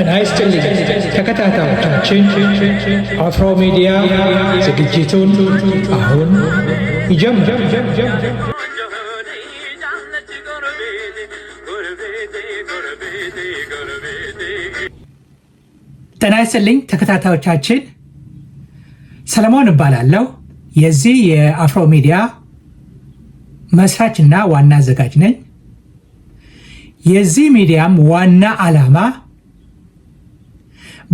ጤና ይስጥልኝ ተከታታዮቻችን፣ አፍሮ ሚዲያ ዝግጅቱን አሁን ይጀምራል። ጤና ይስጥልኝ ተከታታዮቻችን፣ ሰለሞን እባላለሁ። የዚህ የአፍሮ ሚዲያ መስራችና ዋና አዘጋጅ ነኝ። የዚህ ሚዲያም ዋና ዓላማ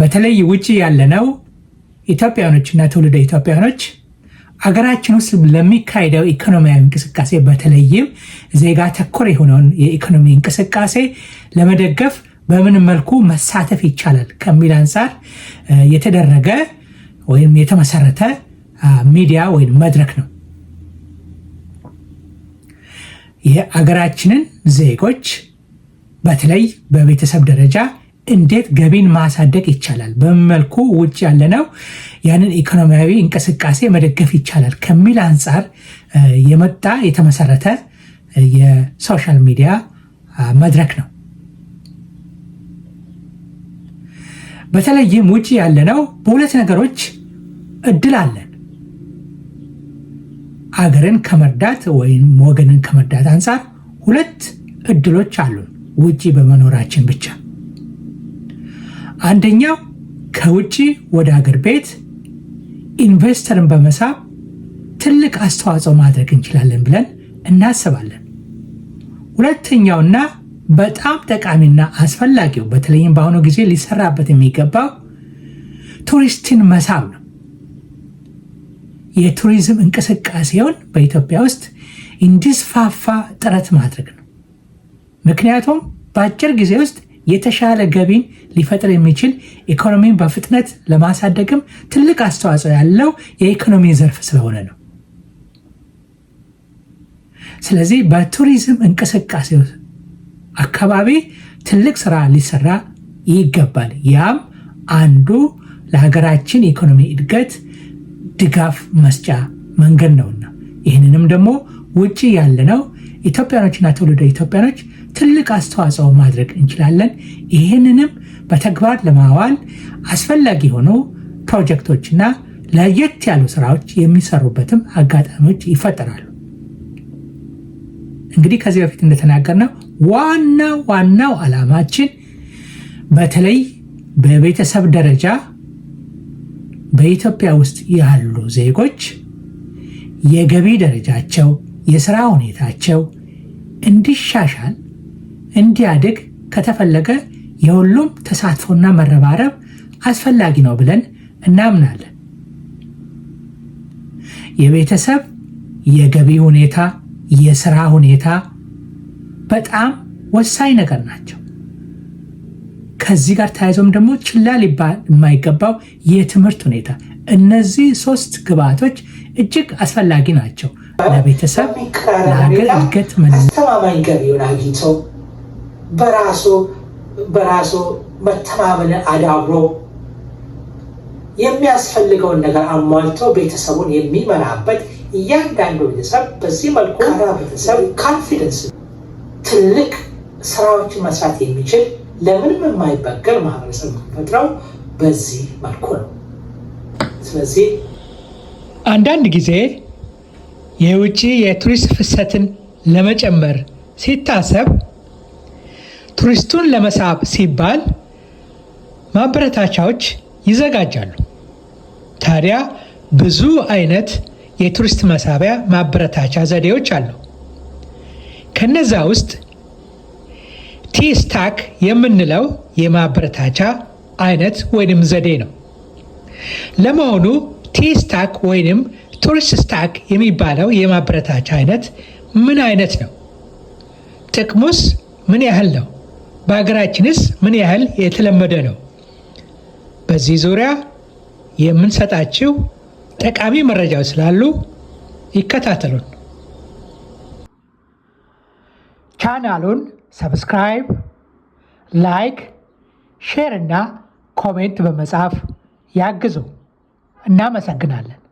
በተለይ ውጭ ያለነው ኢትዮጵያኖች እና ትውልደ ኢትዮጵያኖች አገራችን ውስጥ ለሚካሄደው ኢኮኖሚያዊ እንቅስቃሴ በተለይም ዜጋ ተኮር የሆነውን የኢኮኖሚ እንቅስቃሴ ለመደገፍ በምን መልኩ መሳተፍ ይቻላል ከሚል አንጻር የተደረገ ወይም የተመሰረተ ሚዲያ ወይም መድረክ ነው። የአገራችንን ዜጎች በተለይ በቤተሰብ ደረጃ እንዴት ገቢን ማሳደግ ይቻላል፣ በመልኩ መልኩ ውጭ ያለነው ያንን ኢኮኖሚያዊ እንቅስቃሴ መደገፍ ይቻላል ከሚል አንጻር የመጣ የተመሰረተ የሶሻል ሚዲያ መድረክ ነው። በተለይም ውጭ ያለነው በሁለት ነገሮች እድል አለን። አገርን ከመርዳት ወይም ወገንን ከመርዳት አንጻር ሁለት እድሎች አሉን ውጭ በመኖራችን ብቻ አንደኛው ከውጭ ወደ ሀገር ቤት ኢንቨስተርን በመሳብ ትልቅ አስተዋጽኦ ማድረግ እንችላለን ብለን እናስባለን። ሁለተኛውና በጣም ጠቃሚና አስፈላጊው በተለይም በአሁኑ ጊዜ ሊሰራበት የሚገባው ቱሪስትን መሳብ ነው። የቱሪዝም እንቅስቃሴውን በኢትዮጵያ ውስጥ እንዲስፋፋ ጥረት ማድረግ ነው። ምክንያቱም በአጭር ጊዜ ውስጥ የተሻለ ገቢን ሊፈጥር የሚችል ኢኮኖሚን በፍጥነት ለማሳደግም ትልቅ አስተዋጽኦ ያለው የኢኮኖሚ ዘርፍ ስለሆነ ነው። ስለዚህ በቱሪዝም እንቅስቃሴ አካባቢ ትልቅ ስራ ሊሰራ ይገባል። ያም አንዱ ለሀገራችን የኢኮኖሚ እድገት ድጋፍ መስጫ መንገድ ነውና ይህንንም ደግሞ ውጭ ያለነው ኢትዮጵያኖችና ትውልደ ኢትዮጵያኖች ትልቅ አስተዋጽኦ ማድረግ እንችላለን። ይህንንም በተግባር ለማዋል አስፈላጊ የሆኑ ፕሮጀክቶችና ለየት ያሉ ስራዎች የሚሰሩበትም አጋጣሚዎች ይፈጠራሉ። እንግዲህ ከዚህ በፊት እንደተናገርነው ዋና ዋናው ዓላማችን በተለይ በቤተሰብ ደረጃ በኢትዮጵያ ውስጥ ያሉ ዜጎች የገቢ ደረጃቸው፣ የስራ ሁኔታቸው እንዲሻሻል እንዲያድግ ከተፈለገ የሁሉም ተሳትፎና መረባረብ አስፈላጊ ነው ብለን እናምናለን። የቤተሰብ የገቢ ሁኔታ፣ የስራ ሁኔታ በጣም ወሳኝ ነገር ናቸው። ከዚህ ጋር ተያይዞም ደግሞ ችላ ሊባል የማይገባው የትምህርት ሁኔታ። እነዚህ ሶስት ግብዓቶች እጅግ አስፈላጊ ናቸው ለቤተሰብ ለሀገር እድገት። መስተማማኝ ገቢውን አግኝተው በራሱ በራሱ መተማመን አዳብሮ የሚያስፈልገውን ነገር አሟልቶ ቤተሰቡን የሚመራበት እያንዳንዱ ቤተሰብ በዚህ መልኩ ቤተሰብ ካንፊደንስ ትልቅ ስራዎችን መስራት የሚችል ለምንም የማይበገር ማህበረሰብ የምንፈጥረው በዚህ መልኩ ነው። ስለዚህ አንዳንድ ጊዜ የውጭ የቱሪስት ፍሰትን ለመጨመር ሲታሰብ ቱሪስቱን ለመሳብ ሲባል ማበረታቻዎች ይዘጋጃሉ። ታዲያ ብዙ አይነት የቱሪስት መሳቢያ ማበረታቻ ዘዴዎች አሉ። ከነዛ ውስጥ ቲስታክ የምንለው የማበረታቻ አይነት ወይንም ዘዴ ነው። ለመሆኑ ቲስታክ ወይንም ቱሪስት ስታክ የሚባለው የማበረታቻ አይነት ምን አይነት ነው? ጥቅሙስ ምን ያህል ነው? በሀገራችንስ ምን ያህል የተለመደ ነው? በዚህ ዙሪያ የምንሰጣችው ጠቃሚ መረጃዎች ስላሉ ይከታተሉን። ቻናሉን ሰብስክራይብ፣ ላይክ፣ ሼር እና ኮሜንት በመጻፍ ያግዙ። እናመሰግናለን።